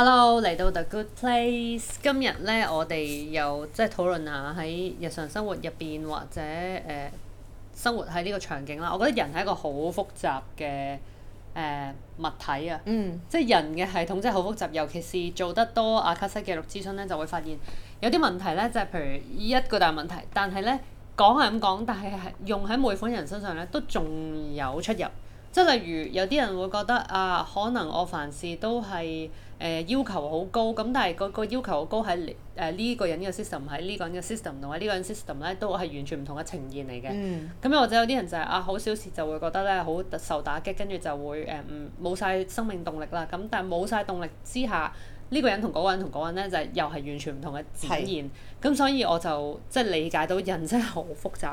Hello，嚟到 The Good Place，今日咧我哋又即係討論下喺日常生活入邊或者誒、呃、生活喺呢個場景啦。我覺得人係一個好複雜嘅誒、呃、物體啊，嗯、即係人嘅系統真係好複雜，尤其是做得多阿卡西記錄諮詢咧，就會發現有啲問題咧，就係、是、譬如一個大問題。但係咧講係咁講，但係係用喺每款人身上咧都仲有出入。即係例如有啲人會覺得啊，可能我凡事都係～誒、呃、要求好高，咁但係個要求好高喺誒呢個人嘅 system 係呢個人嘅 system 同埋呢個人嘅 system 咧，都係完全唔同嘅呈現嚟嘅。咁又或者有啲人就係、是、啊，好小事就會覺得咧好受打擊，跟住就會誒冇晒生命動力啦。咁但係冇晒動力之下，呢、這個人同嗰個人同嗰個人咧就是、又係完全唔同嘅呈現。咁是、嗯、所以我就即係理解到人真係好複雜，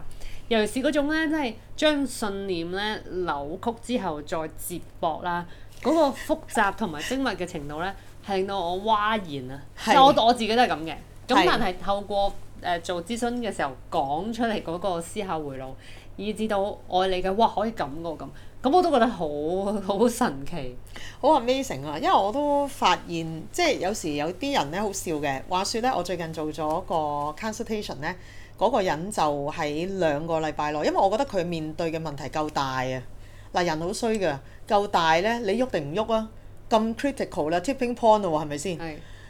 尤其是嗰種咧，即係將信念咧扭曲之後再接駁啦。嗰 個複雜同埋精密嘅程度呢，係令到我嘩然啊！就我的我自己都係咁嘅。咁但係透過誒、呃、做諮詢嘅時候講出嚟嗰個思考回路，以至到愛你嘅哇可以感覺咁，咁、那個、我都覺得好好神奇。好嘅，Amazing 啊！因為我都發現，即係有時有啲人呢，好笑嘅話說呢，我最近做咗個 consultation 呢，嗰個人就喺兩個禮拜內，因為我覺得佢面對嘅問題夠大啊！嗱，人好衰㗎。夠大呢，你喐定唔喐啊？咁 critical 啦，tipping point 咯，係咪先？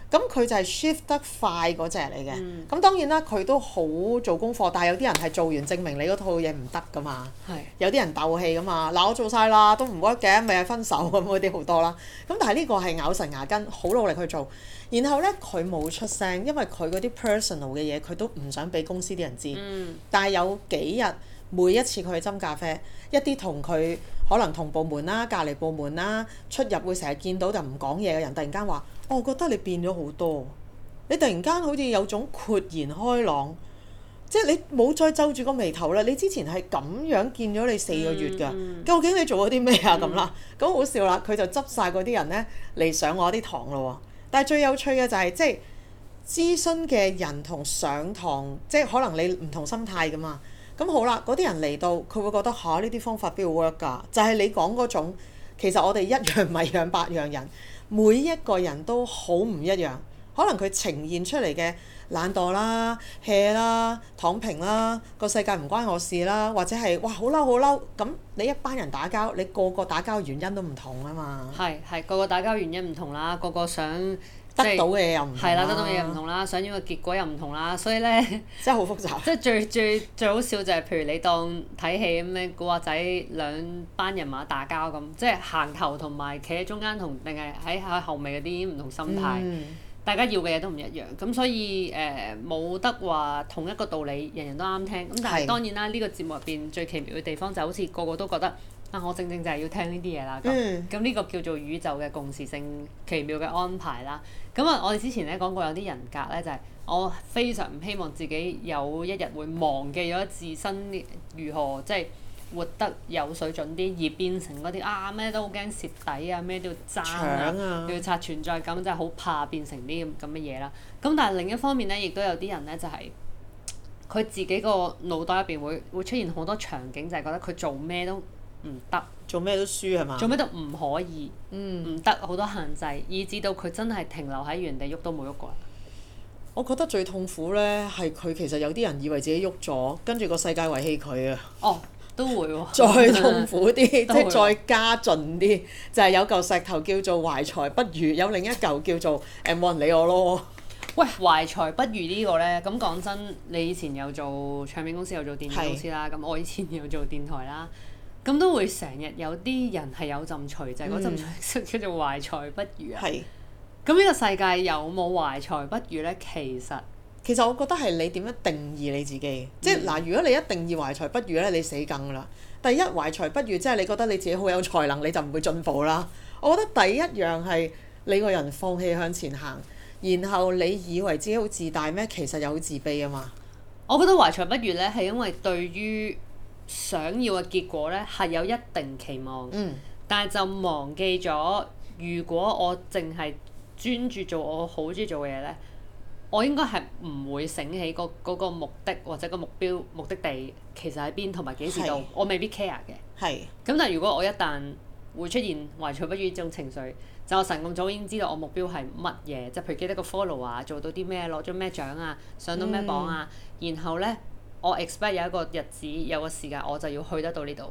咁佢就係 shift 得快嗰隻嚟嘅。咁、嗯嗯、當然啦，佢都好做功課，但係有啲人係做完證明你嗰套嘢唔得噶嘛。是有啲人鬥氣噶嘛，鬧、啊、我做晒啦，都唔屈嘅，咪係分手咁嗰啲好多啦。咁但係呢個係咬神牙根，好努力去做。然後呢，佢冇出聲，因為佢嗰啲 personal 嘅嘢，佢都唔想俾公司啲人知。嗯、但係有幾日。每一次佢去斟咖啡，一啲同佢可能同部門啦、隔離部門啦出入會成日見到就唔講嘢嘅人，突然間話、哦：我覺得你變咗好多，你突然間好似有種豁然開朗，即係你冇再皺住個眉頭啦。你之前係咁樣見咗你四個月㗎，嗯、究竟你做咗啲咩啊？咁啦、嗯，咁好笑啦，佢就執晒嗰啲人呢嚟上我啲堂咯喎。但係最有趣嘅就係、是、即係諮詢嘅人同上堂，即係可能你唔同心態㗎嘛。咁好啦，嗰啲人嚟到，佢會覺得吓呢啲方法 will work 㗎，就係、是、你講嗰種，其實我哋一樣米養百樣人，每一個人都好唔一樣，可能佢呈現出嚟嘅懶惰啦、hea 啦、躺平啦，個世界唔關我事啦，或者係哇好嬲好嬲，咁你一班人打交，你個個打交原因都唔同啊嘛，係係個個打交原因唔同啦，個個想得到嘅嘢又唔同啦，啊，想要嘅結果又唔同啦，所以咧，真係好複雜。 即係最最最好笑就係，譬如你當睇戲咁樣，古惑仔兩班人馬打交咁，即係行頭同埋企喺中間同，定係喺喺後尾嗰啲唔同心態，嗯、大家要嘅嘢都唔一樣。咁所以誒，冇得話同一個道理，人人都啱聽。咁但係當然啦，呢是的 個節目入邊最奇妙嘅地方就好似個個都覺得。啊、我正正就係要聽呢啲嘢啦。咁咁呢個叫做宇宙嘅共時性，奇妙嘅安排啦。咁啊，我哋之前咧講過有啲人格咧，就係、是、我非常唔希望自己有一日會忘記咗自身如何即係、就是、活得有水準啲，而變成嗰啲啊咩都好驚蝕底啊，咩都、啊、都要爭啊，啊要刷存在感，就好、是、怕變成啲咁嘅嘢啦。咁但係另一方面咧，亦都有啲人咧就係、是、佢自己個腦袋入邊會會出現好多場景，就係、是、覺得佢做咩都～唔得，做咩都輸係嘛？做咩都唔可以，嗯，唔得，好多限制，以至到佢真係停留喺原地，喐都冇喐過。我覺得最痛苦呢，係佢其實有啲人以為自己喐咗，跟住個世界遺棄佢啊！哦，都會喎。再痛苦啲，即係再加盡啲，就係有嚿石頭叫做「懷才不遇」，有另一嚿叫做誒，冇人理我咯。喂，懷才不遇呢個呢？咁講真，你以前有做唱片公司，有做電影公司啦，咁我以前有做電台啦。咁都會成日有啲人係有陣財就係嗰陣，叫做懷才不遇啊！咁呢個世界有冇懷才不遇呢？其實其實我覺得係你點樣定義你自己？即係嗱，如果你一定義懷才不遇呢，你死梗啦！第一懷才不遇，即係你覺得你自己好有才能，你就唔會進步啦。我覺得第一樣係你個人放棄向前行，然後你以為自己好自大咩？其實又好自卑啊嘛！我覺得懷才不遇呢，係因為對於想要嘅結果呢，係有一定期望，嗯、但係就忘記咗。如果我淨係專注做我好中意做嘅嘢呢，我應該係唔會醒起嗰嗰個目的或者個目標目的地其實喺邊，同埋幾時到，是我未必 care 嘅。係是。咁但係如果我一旦會出現懷才不遇呢種情緒，就神咁早已經知道我目標係乜嘢，即、就、係、是、譬如記得個 follow 啊，做到啲咩，攞咗咩獎啊，上到咩榜啊，嗯、然後呢。我 expect 有一個日子，有個時間我就要去得到呢度，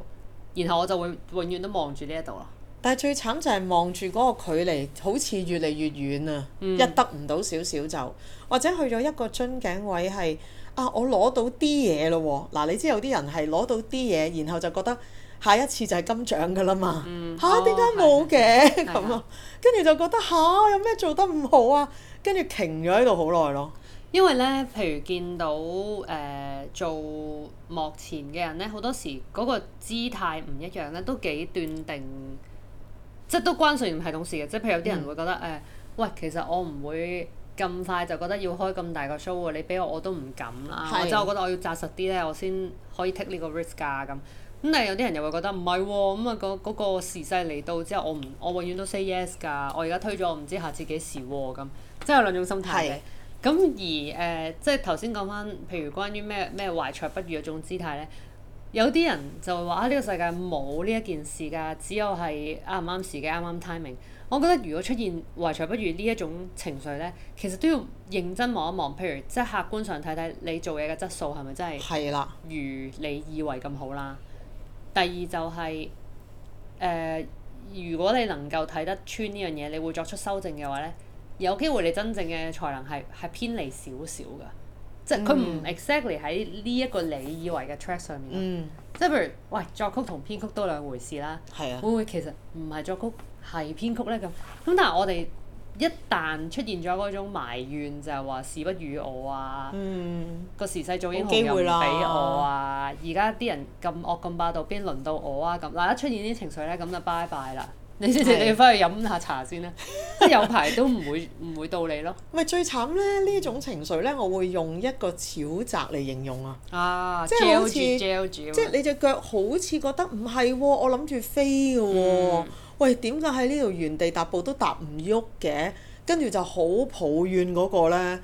然後我就會永遠都望住呢一度咯。但係最慘就係望住嗰個距離，好似越嚟越遠啊！嗯、一得唔到少少就，或者去咗一個樽頸位係啊，我攞到啲嘢咯喎！嗱、啊，你知有啲人係攞到啲嘢，然後就覺得下一次就係金獎㗎啦嘛。吓、嗯，點解冇嘅咁啊？跟住 就覺得吓、啊，有咩做得唔好啊？跟住停咗喺度好耐咯。因為咧，譬如見到誒、呃、做幕前嘅人咧，好多時嗰個姿態唔一樣咧，都幾斷定，即係都關信念系統事嘅。即係譬如有啲人會覺得誒、嗯呃，喂，其實我唔會咁快就覺得要開咁大個 show 喎，你俾我我都唔敢啦。或者是的 我覺得我要紮實啲咧，我先可以 take 呢個 risk 㗎、啊、咁。咁但係有啲人又會覺得唔係喎，咁啊嗰嗰、那個那個時勢嚟到之後，我唔我永遠都 say yes 㗎。我而家推咗，我唔知下次幾時喎、啊、咁。即係有兩種心態嘅。咁、嗯、而誒、呃，即係頭先講翻，譬如關於咩咩懷才不遇嗰種姿態呢？有啲人就會話啊，呢、這個世界冇呢一件事㗎，只有係啱唔啱時嘅啱啱 timing。我覺得如果出現懷才不遇呢一種情緒呢，其實都要認真望一望，譬如即係客觀上睇睇你做嘢嘅質素係咪真係如你以為咁好啦。係啦。第二就係、是、誒、呃，如果你能夠睇得穿呢樣嘢，你會作出修正嘅話呢。有機會你真正嘅才能係係偏離少少嘅，即係佢唔 exactly 喺呢一個你以為嘅 track 上面。嗯、即係譬如，喂，作曲同編曲都兩回事啦。啊、會唔會其實唔係作曲係編曲咧咁？咁但係我哋一旦出現咗嗰種埋怨就係、是、話事不與我啊，個、嗯、時勢做英雄又唔俾我啊，而家啲人咁惡咁霸道，邊輪到我啊咁？嗱一出現啲情緒咧，咁就拜拜啦。你先至，你翻去飲下茶先啦。 有排都唔會，唔會到你咯。唔係最慘咧？呢種情緒咧，我會用一個沼澤嚟形容啊。啊，即係好似，即係你隻腳好似覺得唔係喎，我諗住飛嘅喎、哦。嗯、喂，點解喺呢度原地踏步都踏唔喐嘅？跟住就好抱怨嗰、嗰個咧。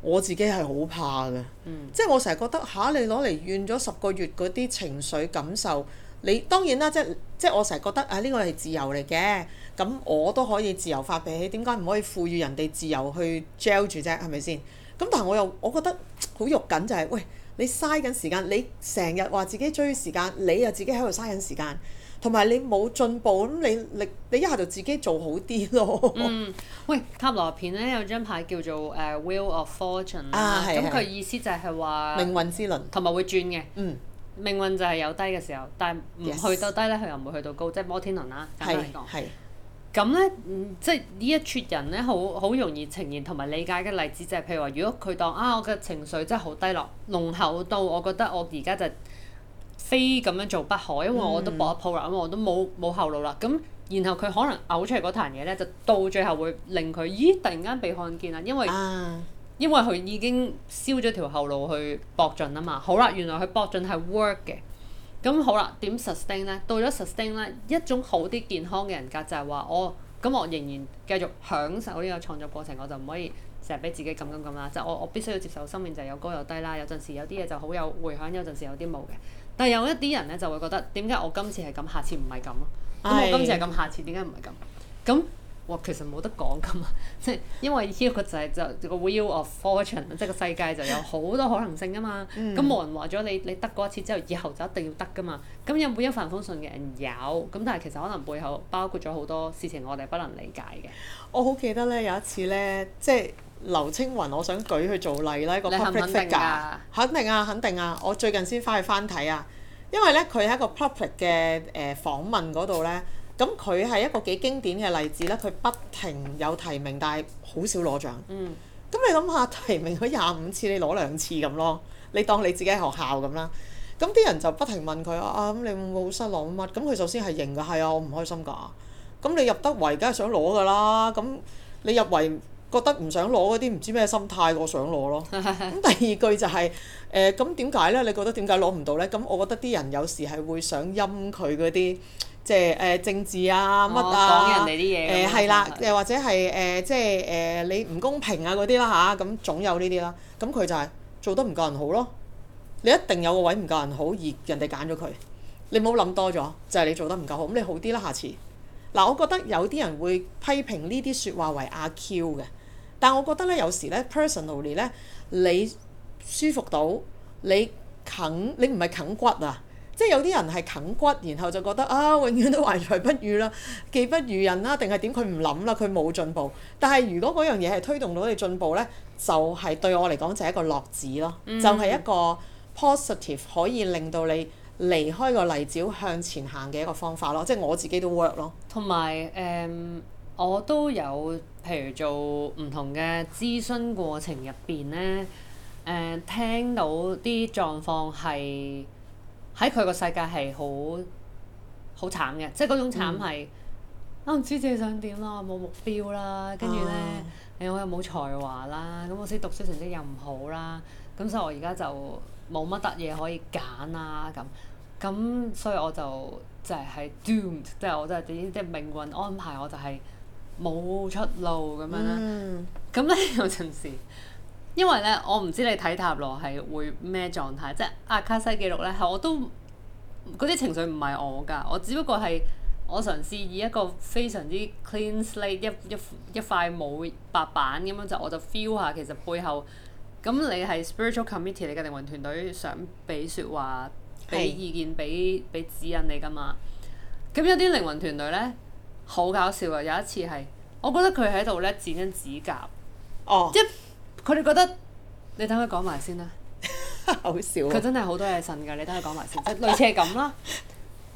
我自己係好怕嘅。嗯、即係我成日覺得嚇、啊，你攞嚟怨咗十個月嗰啲情緒感受。你當然啦，即係即係我成日覺得啊，呢個係自由嚟嘅，咁我都可以自由發脾氣，點解唔可以賦予人哋自由去 gel 住啫？係咪先？咁但係我又我覺得好肉緊就係、是，喂，你嘥緊時間，你成日話自己追時間，你又自己喺度嘥緊時間，同埋你冇進步，咁你你你一下就自己做好啲咯。嗯，喂，塔羅片咧有張牌叫做誒、uh, Wheel of Fortune 啊，係，咁佢意思就係話命運之輪，同埋會轉嘅，嗯。命運就係有低嘅時候，但係唔去到低咧，佢 Yes. 又唔會去到高，即係摩天輪啦、啊，簡單嚟講。係。咁咧、嗯，即係呢一撮人咧，好好容易呈現同埋理解嘅例子，就係譬如話，如果佢當啊，我嘅情緒真係好低落，濃厚到我覺得我而家就非咁樣做不可，因為我都搏一鋪啦，嗯、因為我都冇冇後路啦。咁然後佢可能嘔出嚟嗰壇嘢咧，就到最後會令佢，咦？突然間被看見啦，因為、啊。因為佢已經燒咗條後路去搏盡啊嘛，好啦，原來佢搏盡係 work 嘅，咁好啦，點 sustain 呢？到咗 sustain 呢，一種好啲健康嘅人格就係話我，咁我仍然繼續享受呢個創作過程，我就唔可以成日俾自己咁咁咁啦。就我我必須要接受生命就有高有低啦，有陣時有啲嘢就好有回響，有陣時有啲冇嘅。但係有一啲人呢，就會覺得，點解我今次係咁，下次唔係咁咯？咁我今次係咁，下次點解唔係咁？咁、哎其實冇得講噶嘛，即係因為呢個就係、是、就個 wheel of fortune，即係 個世界就有好多可能性啊嘛。咁冇、嗯、人話咗你，你得過一次之後，以後就一定要得噶嘛。咁有冇一帆風順嘅人有？咁但係其實可能背後包括咗好多事情，我哋不能理解嘅。我好記得咧，有一次咧，即係劉青雲，我想舉佢做例啦。咧、那，個 public figure。肯定㗎，肯定啊，肯定啊！我最近先翻去翻睇啊，因為咧佢喺個 public 嘅誒、呃、訪問嗰度咧。咁佢係一個幾經典嘅例子咧，佢不停有提名，但係好少攞獎。咁、嗯、你諗下，提名佢廿五次，你攞兩次咁咯，你當你自己喺學校咁啦。咁啲人就不停問佢啊啊，咁你會唔會好失落乜？咁佢首先係認㗎，係啊，我唔開心㗎。咁你入得圍，梗係想攞㗎啦。咁你入圍。覺得唔想攞嗰啲唔知咩心態，我太過想攞咯。咁第二句就係誒，咁點解呢？你覺得點解攞唔到呢？咁我覺得啲人有時係會想陰佢嗰啲，即係誒、呃、政治啊乜啊、哦、講人哋啲嘢誒，係啦，又、呃啊、或者係誒即係誒你唔公平啊嗰啲啦嚇，咁、啊、總有呢啲啦。咁佢就係做得唔夠人好咯。你一定有個位唔夠人好而人哋揀咗佢，你唔好諗多咗，就係、是、你做得唔夠好。咁你好啲啦，下次嗱，我覺得有啲人會批評呢啲説話為阿 Q 嘅。但我覺得咧，有時咧，personally 咧，你舒服到你啃你唔係啃骨啊，即係有啲人係啃骨，然後就覺得啊，永遠都懷才不遇啦，技不如人啦、啊，定係點佢唔諗啦，佢冇進步。但係如果嗰樣嘢係推動到你進步咧，就係、是、對我嚟講就係一個樂子咯，嗯、就係一個 positive 可以令到你離開個泥沼向前行嘅一個方法咯，即係我自己都 work 咯。同埋誒。Um 我都有，譬如做唔同嘅諮詢過程入邊呢，誒、呃、聽到啲狀況係喺佢個世界係好好慘嘅，即係嗰種慘係我唔知自己想點啦，我冇目標啦，跟住呢，誒、啊嗯、我又冇才華啦，咁我識讀書成績又唔好啦，咁所以我而家就冇乜得嘢可以揀啦。咁咁所以我就就係係 doomed，即係我真係點知即係命運安排，我就係、是。冇出路咁樣啦，咁咧有陣時，因為咧我唔知你睇塔羅係會咩狀態，即係阿卡西記錄咧，係我都嗰啲情緒唔係我㗎，我只不過係我嘗試以一個非常之 clean slate 一一一塊冇白板咁樣就我就 feel 下其實背後，咁你係 spiritual committee 你嘅靈魂團隊想俾説話、俾意見、俾俾指引你㗎嘛，咁是 有啲靈魂團隊咧。好搞笑啊！有一次係，我覺得佢喺度咧剪緊指甲，哦，即係佢哋覺得，你等佢講埋先啦。 好笑佢、啊、真係好多嘢信㗎，你等佢講埋先，即類似係咁啦，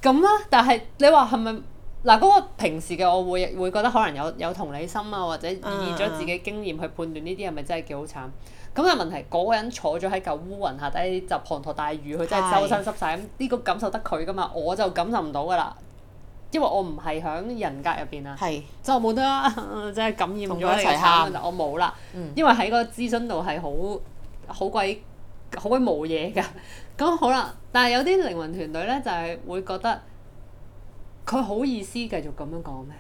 咁啦。 但係你話係咪嗱？嗰、呃嗰個平時嘅我會會覺得可能有有同理心啊，或者以咗自己經驗去判斷呢啲係咪真係幾好慘。咁、那、嘅、個、問題，嗰、嗰個人坐咗喺嚿烏雲下底，就滂沱大雨，佢真係周身濕晒。咁呢的 個感受得佢㗎嘛，我就感受唔到㗎啦。因為我唔係喺人格入邊啊，就冇得即係感染咗一餐， 我冇啦。嗯、因為喺嗰個諮詢度係 好好鬼好鬼冇嘢㗎。咁好啦，但係有啲靈魂團隊咧，就係、係、會覺得佢好意思繼續咁樣講咩？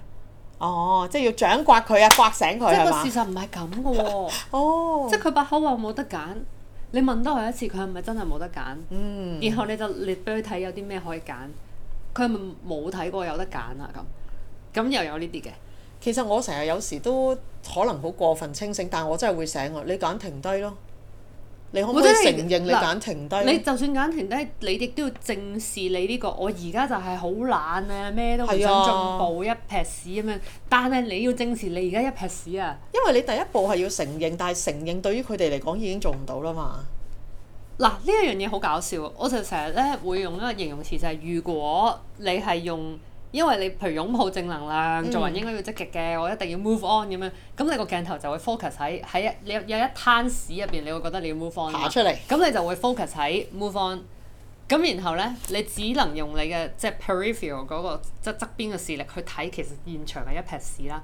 哦，即係要掌摑佢啊，刮醒佢係即係個事實唔係咁嘅喎。哦， 哦即係佢把口話冇得揀，你問多佢一次，佢係咪真係冇得揀？嗯。然後你就列俾佢睇有啲咩可以揀。佢冇睇過有得揀啊？咁咁又有呢啲嘅。其實我成日有時都可能好過分清醒，但係我真係會醒我你揀停低咯，你可唔可以承認你揀停低？ 你就算揀停低，你亦都要正視你呢、呢個。我而家就係好懶咧、啊，咩都唔想進步，一撇屎咁樣。啊、但係你要正視你而家一撇屎啊！因為你第一步係要承認，但係承認對於佢哋嚟講已經做唔到啦嘛。嗱呢一樣嘢好搞笑，我就成日咧會用一個形容詞就係、係、如果你係用，因為你譬如擁抱正能量，嗯、做人應該要積極嘅，我一定要 move on 咁樣，咁你個鏡頭就會 focus 喺喺一你有，有一攤屎入邊，你會覺得你要 move on，出嚟，咁你就會 focus 喺 move on。咁然後咧，你只能用你嘅即係 peripheral 嗰、嗰個即側邊嘅視力去睇其實現場嘅一撇屎啦，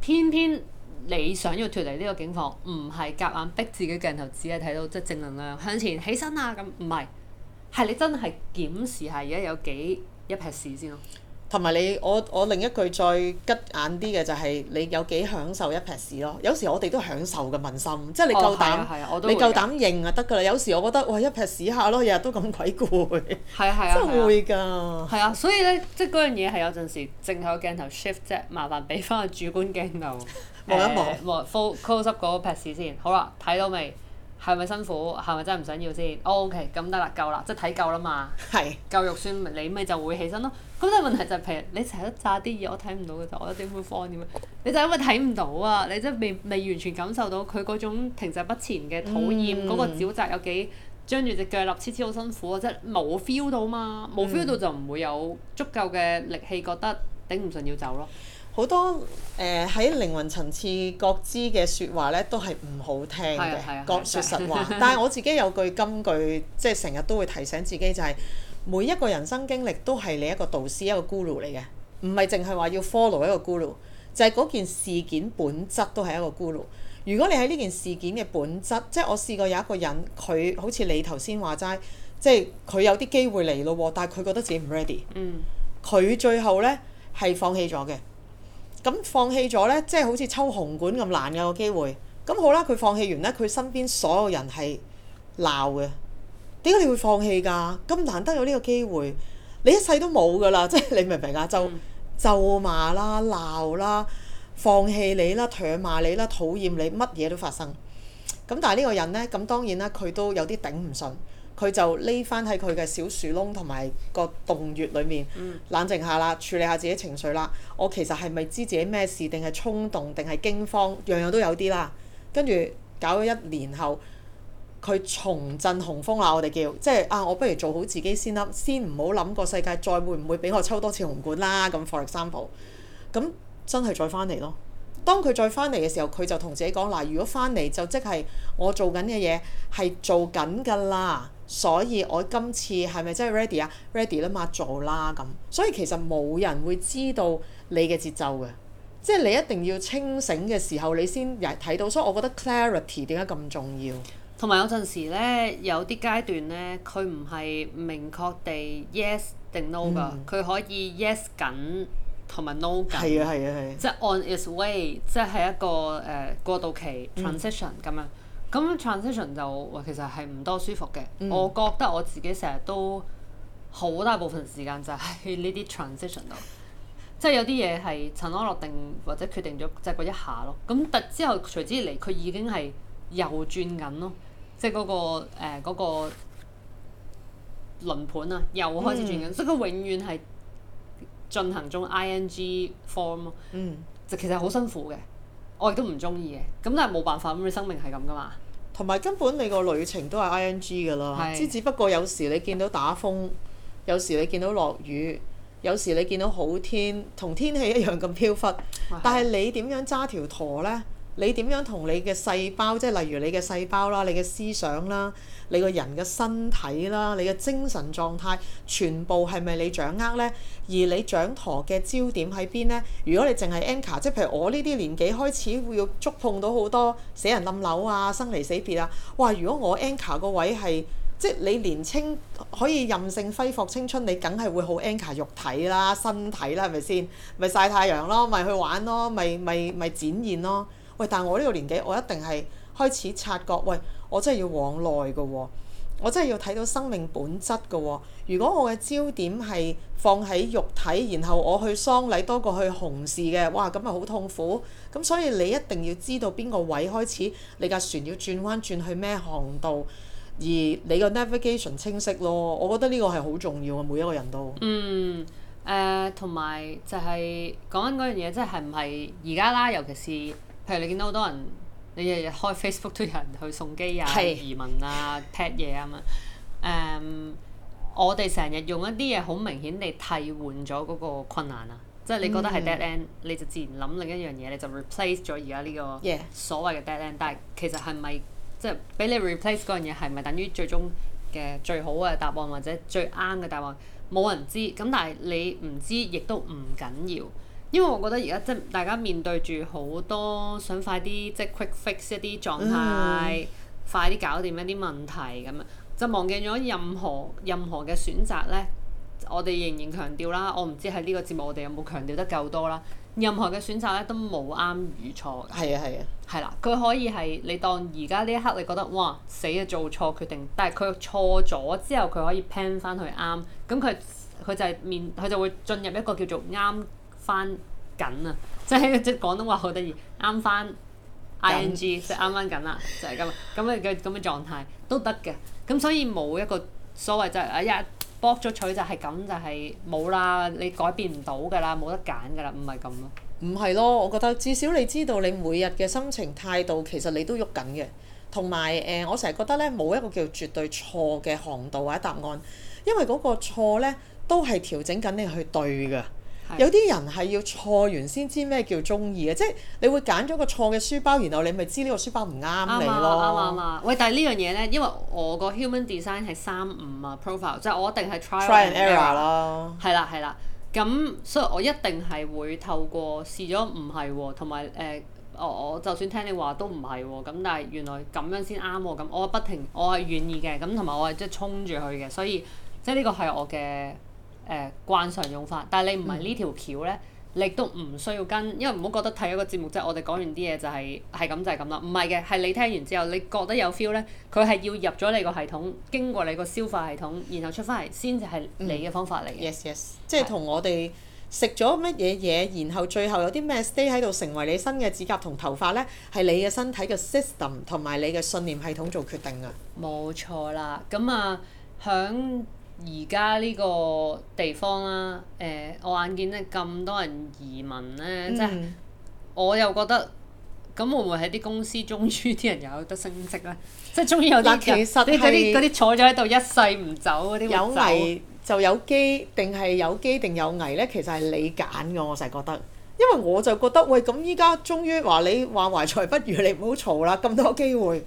偏偏。你想要脱離呢個境況，唔係夾硬逼自己鏡頭，只係睇到即係正能量向前起身啊！咁唔係，係你真係檢視下而家有幾一撇屎先咯。同埋你我我另一句再吉眼啲嘅就係你有幾享受一撇屎咯？有時我哋都享受嘅問心，即係你夠膽，哦啊啊、你夠膽認就得㗎啦！有時我覺得哇一撇屎下咯，日日都咁鬼攰，係啊係啊， 真係會㗎。係啊，啊，啊，所以咧即係嗰樣嘢係有陣時淨係鏡頭 shift 啫，麻煩俾翻個主觀鏡頭。望一望、欸，望 full，full close up 嗰個 pass 先。好啦，睇到未？係咪辛苦？係咪真係唔想要先、oh？OK，咁得啦，夠啦，即係睇夠啦嘛。係是。夠肉酸，你咪就會起身咯。咁但係問題就係、是，譬如你成日都炸啲嘢，我睇唔到嘅時候，我點會放點啊？你就因為睇唔到啊，你真係未未完全感受到佢嗰種停滯不前嘅討厭，嗰、嗯、個沼澤有幾將住隻腳立黐黐好辛苦啊！即係冇 feel 到嘛，冇 feel 到，到就唔會有足夠嘅力氣，覺得頂唔順要走咯。嗯好多誒喺、呃、靈魂層次各知嘅説話咧，都係唔好聽嘅。啊啊、各說實話， 但係我自己有句金句，即係成日都會提醒自己就係、是、每一個人生經歷都係你一個導師一個 guru 嚟嘅，唔係淨係話要 follow 一個 guru 就係嗰件事件本質都係一個 guru 如果你喺呢件事件嘅本質，即係我試過有一個人，佢好似你頭先話齋，即係佢有啲機會嚟咯，但係佢覺得自己唔 ready。佢、嗯、最後呢，係放棄咗嘅。咁放棄咗呢，即係好似抽紅管咁難有個機會。咁好啦，佢放棄完呢，佢身邊所有人係鬧嘅。點解你會放棄㗎？咁難得有呢個機會，你一世都冇㗎啦！即係你明唔明啊？就就罵啦、鬧啦、放棄你啦、唾罵你啦、討厭你乜嘢都發生。咁但係呢個人呢，咁當然啦，佢都有啲頂唔順。佢就匿翻喺佢嘅小樹窿同埋個洞穴裏面，冷靜下啦，處理下自己情緒啦。我其實係咪知自己咩事？定係衝動？定係驚慌？樣樣都有啲啦。跟住搞咗一年後，佢重振雄風啊！我哋叫即係啊，我不如做好自己先啦，先唔好諗個世界再會唔會俾我抽多次紅館啦。咁 for example，咁真係再翻嚟咯。當佢再翻嚟嘅時候，佢就同自己講：嗱、啊，如果翻嚟就即係我做緊嘅嘢係做緊㗎啦。所以我今次係咪真係 ready 啊？ready 啦嘛，做啦咁。所以其實冇人會知道你嘅節奏嘅，即係你一定要清醒嘅時候，你先又睇到。所以我覺得 clarity 點解咁重要？同埋有陣時咧，有啲階段咧，佢唔係明確地 yes 定 no 㗎，佢可以 yes 緊同埋 no 緊，係啊係啊係。即係 on its way，即係一個誒過渡期 transition 咁樣。咁 transition 就其實係唔多舒服嘅。嗯、我覺得我自己成日都好大部分時間就喺呢啲 transition 度，即係有啲嘢係塵埃落定或者決定咗，就係嗰一下咯。咁突之後隨之而嚟，佢已經係又轉緊咯，即係、那、嗰個誒嗰、呃嗰個輪盤啊，又開始轉緊，嗯、所以佢永遠係進行中 ing form 咯。嗯，就其實好辛苦嘅，我亦都唔中意嘅。咁但係冇辦法，咁嘅生命係咁噶嘛。同埋根本你個旅程都係 ing 㗎啦，是只不過有時你見到打風，有時你見到落雨，有時你見到好天，同天氣一樣咁飄忽。的但係你點樣揸條舵呢？你點樣同你嘅細胞，即係例如你嘅細胞啦，你嘅思想啦？你個人嘅身體啦，你嘅精神狀態，全部係咪你掌握呢？而你掌舵嘅焦點喺邊呢？如果你淨係 anchor，即係譬如我呢啲年紀開始會要觸碰到好多死人冧樓啊、生離死別啊，哇！如果我 anchor 個位係，即係你年青可以任性揮霍青春，你梗係會好 anchor 肉體啦、身體啦，係咪先？咪曬太陽咯，咪去玩咯，咪咪咪展現咯。喂，但係我呢個年紀，我一定係開始察覺喂。我真係要往內嘅喎，我真係要睇到生命本質嘅喎、哦。如果我嘅焦點係放喺肉體，然後我去喪禮多過去紅事嘅，哇，咁咪好痛苦。咁所以你一定要知道邊個位開始，你架船要轉彎轉去咩航道，而你個 navigation 清晰咯。我覺得呢個係好重要嘅，每一個人都。嗯，誒、呃，同埋就係、是、講緊嗰樣嘢，即係唔係而家啦，尤其是譬如你見到好多人。你日日開 Facebook 都有人去送機啊、是移民啊、pad 嘢啊嘛。誒、um，我哋成日用一啲嘢好明顯地替換咗嗰個困難啊。嗯、即係你覺得係 dead end，你就自然諗另一樣嘢，你就 replace 咗而家呢個所謂嘅 dead end。但係其實係咪即係俾你 replace 嗰樣嘢係咪等於最終嘅最好嘅答案或者最啱嘅答案？冇人知。咁但係你唔知亦都唔緊要。因為我覺得而家即係大家面對住好多想快啲即 quick fix 一啲狀態，嗯、快啲搞掂一啲問題咁啊，就忘記咗任何任何嘅選擇咧。我哋仍然強調啦，我唔知喺呢個節目我哋有冇強調得夠多啦。任何嘅選擇咧都冇啱與錯嘅。係啊係啊。係啦的，佢可以係你當而家呢一刻你覺得哇，死啊，做錯決定，但係佢錯咗之後佢可以 plan 翻去啱。咁佢佢就係面佢就會進入一個叫做啱。翻緊啊！即係即廣東話好得意，啱翻 ing，即係啱翻緊啦，就係咁，咁嘅嘅咁嘅狀態都得嘅。咁所以冇一個所謂就係，哎呀，搏咗取就係咁就係冇啦，你改變唔到㗎啦，冇得揀㗎啦，唔係咁咯。唔係咯，我覺得至少你知道你每日嘅心情態度其實你都喐緊嘅，同埋誒我成日覺得咧冇一個叫絕對錯嘅航道或者答案，因為嗰個錯咧都係調整緊你去對嘅。是有啲人係要錯完先知咩叫中意啊，即係你會揀咗個錯嘅書包，然後你咪知呢個書包唔啱你咯了。啱啱啱喂！但係呢樣嘢咧，因為我個 human design 係三五啊 profile，即係我一定係 trial and error 咯。係啦，係啦，咁所以我一定係會透過試咗唔係喎，同埋誒我我就算聽你話都唔係喎，咁但係原來咁樣先啱我咁，我係不停，我係願意嘅，咁同埋我係即係衝住佢嘅，所以即係呢個係我嘅。誒、呃、慣常用法，但係你唔係呢條橋呢，嗯、你都唔需要跟，因為唔好覺得睇一個節目即係，就是、我哋講完啲嘢就係係咁就係咁啦。唔係嘅，係你聽完之後，你覺得有 feel 呢，佢係要入咗你個系統，經過你個消化系統，然後出翻嚟先至係你嘅方法嚟嘅、嗯。Yes yes，是即係同我哋食咗乜嘢嘢，然後最後有啲咩 stay 喺度成為你新嘅指甲同頭髮呢，係你嘅身體嘅 system 同埋你嘅信念系統做決定啊。冇錯啦，咁啊響。而家呢個地方啦，誒、呃，我眼見咧咁多人移民咧，嗯、即係我又覺得咁會唔會喺啲公司終於啲人又有得升職咧？即係終於有得人，其實你嗰啲啲坐咗喺度一世唔走嗰啲，有危就有機，定係有機定有危咧？其實係你揀嘅，我成日覺得，因為我就覺得喂，咁依家終於話你患懷才不遇，你唔好嘈啦，咁多機會。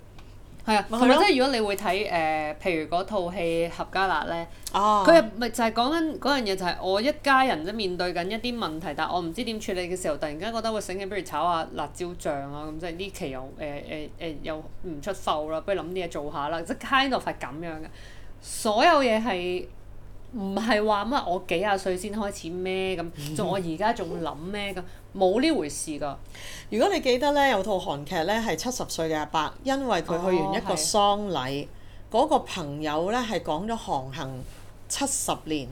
係啊，係咪即係如果你會睇誒、呃，譬如嗰套戲《合家辣》咧，佢係咪就係講緊嗰樣嘢？就係我一家人啫，面對緊一啲問題，但我唔知點處理嘅時候，突然間覺得會醒起，不如炒下辣椒醬啊！咁、嗯、即係呢期又誒誒誒又唔出售啦，不如諗啲嘢做下啦，即係 kind of 咁樣嘅。所有嘢係唔係話乜？我幾廿歲先開始咩咁？仲我而家仲諗咩咁？冇呢回事㗎！如果你記得呢，有套韓劇呢，係七十歲嘅阿伯，因為佢去完一個喪禮，嗰、哦、個朋友呢，係講咗航行七十年，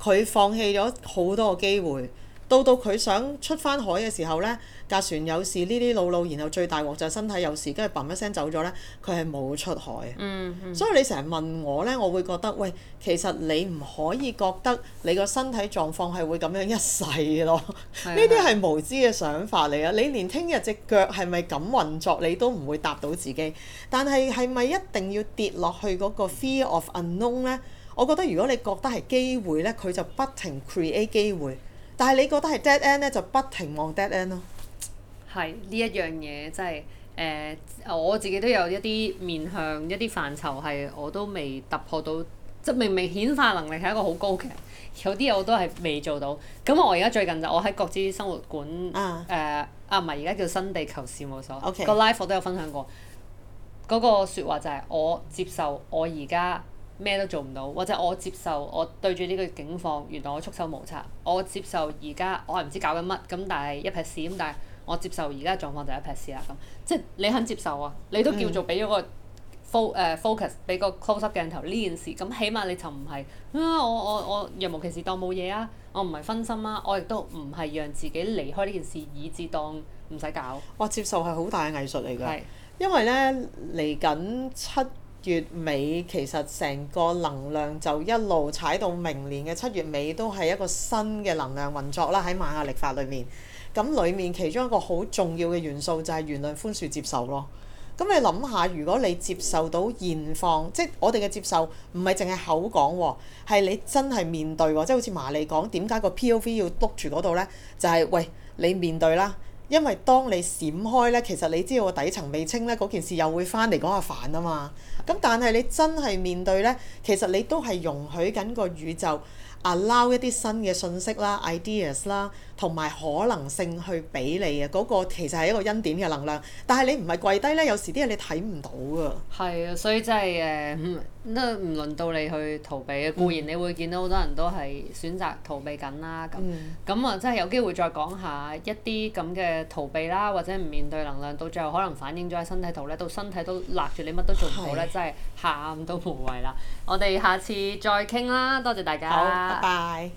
佢放棄咗好多個機會。到到佢想出返海嘅時候呢，架船有事呢啲路路，然後最大鑊就係身體有事，跟住砰一聲走咗呢，佢係冇出海嗯。嗯，所以你成日問我呢，我會覺得喂，其實你唔可以覺得你個身體狀況係會咁樣一世咯。呢啲係無知嘅想法嚟啊！係，係。你連聽日隻腳係咪咁運作，你都唔會答到自己。但係係咪一定要跌落去嗰個 Fear of Unknown 呢？我覺得如果你覺得係機會呢，佢就不停 create 機會。但係你覺得係 dead end 咧，就不停望 dead end 咯、啊。係呢一樣嘢真係誒，我自己都有一啲面向一啲範疇係我都未突破到，即明明顯化能力係一個好高嘅，有啲我都係未做到。咁我而家最近就我喺國資生活館誒啊，唔係而家叫新地球事務所 Okay. 個 live 都有分享過。嗰、那個説話就係、是、我接受我而家。咩都做唔到，或者我接受，我對住呢個境況，原來我束手無策。我接受而家，我係唔知搞緊乜，咁但係一撇屎，咁但係我接受而家狀況就一撇屎啦。咁即係你肯接受啊？你都叫做俾咗個 fo、嗯啊、focus，俾個 close up 鏡頭呢件事。咁起碼你就唔係啊！我我我若無其事當冇嘢啊！我唔係分心啊！我亦都唔係讓自己離開呢件事，以至當唔使搞。我接受係好大嘅藝術嚟㗎，是因為咧嚟緊七。月尾其實成個能量就一路踩到明年嘅七月尾，都係一個新嘅能量運作啦。喺瑪雅曆法裏面，咁裡面其中一個好重要嘅元素就係原諒、寬恕、接受咯。咁你諗下，如果你接受到現況，即係我哋嘅接受，唔係淨係口講喎，係你真係面對喎。即係好似麻利講，點解個 POV 要督住嗰度呢？就係、是、喂，你面對啦。因為當你閃開呢，其實你知道個底層未清呢，嗰件事又會翻嚟講下煩啊嘛。咁但係你真係面對呢，其實你都係容許緊個宇宙 allow 一啲新嘅信息啦，ideas 啦。同埋可能性去俾你啊，嗰、那個其實係一個恩典嘅能量，但係你唔係跪低呢，有時啲嘢你睇唔到㗎。係啊，所以真係誒，都唔輪到你去逃避。固然你會見到好多人都係選擇逃避緊啦。咁咁啊，真係、嗯就是、有機會再講下一啲咁嘅逃避啦，或者唔面對能量，到最後可能反映咗喺身體度呢，到身體都攔住你乜都做唔到呢，的真係喊都無謂啦。我哋下次再傾啦，多謝大家，好拜拜。